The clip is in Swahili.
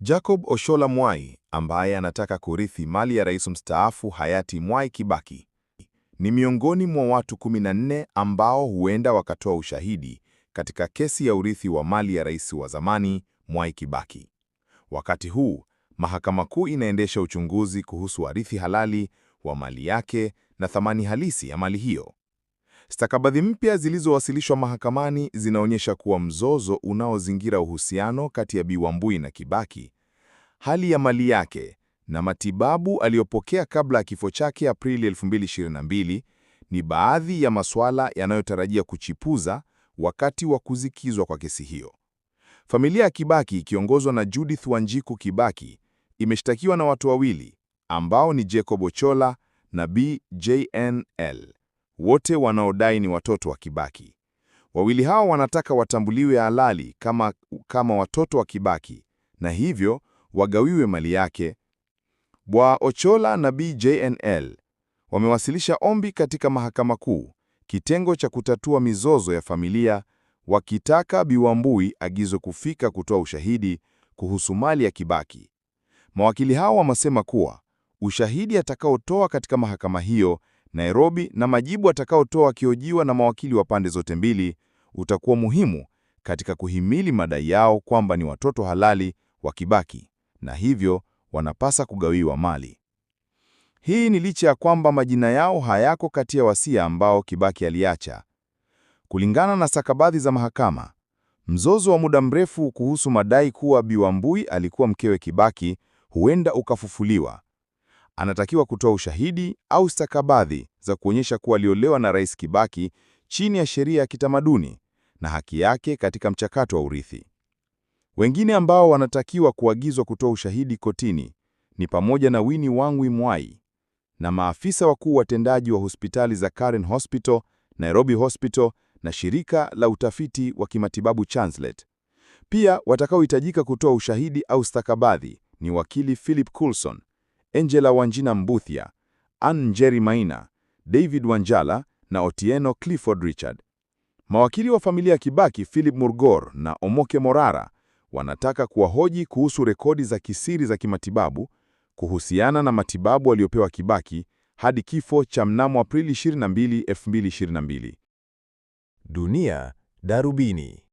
Jacob Ocholla Mwai ambaye anataka kurithi mali ya rais mstaafu hayati Mwai Kibaki ni miongoni mwa watu 14 ambao huenda wakatoa ushahidi katika kesi ya urithi wa mali ya rais wa zamani Mwai Kibaki. Wakati huu, Mahakama Kuu inaendesha uchunguzi kuhusu warithi halali wa mali yake na thamani halisi ya mali hiyo. Stakabadhi mpya zilizowasilishwa mahakamani zinaonyesha kuwa mzozo unaozingira uhusiano kati ya Bi Wambui na Kibaki, hali ya mali yake na matibabu aliyopokea kabla ya kifo chake Aprili 2022 ni baadhi ya masuala yanayotarajia kuchipuza wakati wa kuzikizwa kwa kesi hiyo. Familia ya Kibaki ikiongozwa na Judith Wanjiku Kibaki imeshtakiwa na watu wawili ambao ni Jacob ochola na BJNL wote wanaodai ni watoto wa Kibaki. Wawili hao wanataka watambuliwe halali kama, kama watoto wa Kibaki na hivyo wagawiwe mali yake. Bwa Ochola na BJNL wamewasilisha ombi katika Mahakama Kuu, kitengo cha kutatua mizozo ya familia, wakitaka Bi Wambui agizo kufika kutoa ushahidi kuhusu mali ya Kibaki. Mawakili hao wamesema kuwa ushahidi atakaotoa katika mahakama hiyo Nairobi na majibu atakaotoa akiojiwa na mawakili wa pande zote mbili utakuwa muhimu katika kuhimili madai yao kwamba ni watoto halali wa Kibaki na hivyo wanapasa kugawiwa mali. Hii ni licha ya kwamba majina yao hayako kati ya wasia ambao Kibaki aliacha. Kulingana na sakabadhi za mahakama, mzozo wa muda mrefu kuhusu madai kuwa Bi Wambui alikuwa mkewe Kibaki huenda ukafufuliwa anatakiwa kutoa ushahidi au stakabadhi za kuonyesha kuwa aliolewa na Rais Kibaki chini ya sheria ya kitamaduni na haki yake katika mchakato wa urithi. Wengine ambao wanatakiwa kuagizwa kutoa ushahidi kotini ni pamoja na Winnie Wangui Mwai na maafisa wakuu watendaji wa hospitali za Karen Hospital, Nairobi Hospital na shirika la utafiti wa kimatibabu Chanslet. Pia watakaohitajika kutoa ushahidi au stakabadhi ni wakili Philip Coulson Angela Wanjina Mbuthia, Ann Njeri Maina, David Wanjala na Otieno Clifford Richard. Mawakili wa familia ya Kibaki Philip Murgor na Omoke Morara wanataka kuwahoji kuhusu rekodi za kisiri za kimatibabu kuhusiana na matibabu aliyopewa Kibaki hadi kifo cha mnamo Aprili 22, 2022. Dunia Darubini.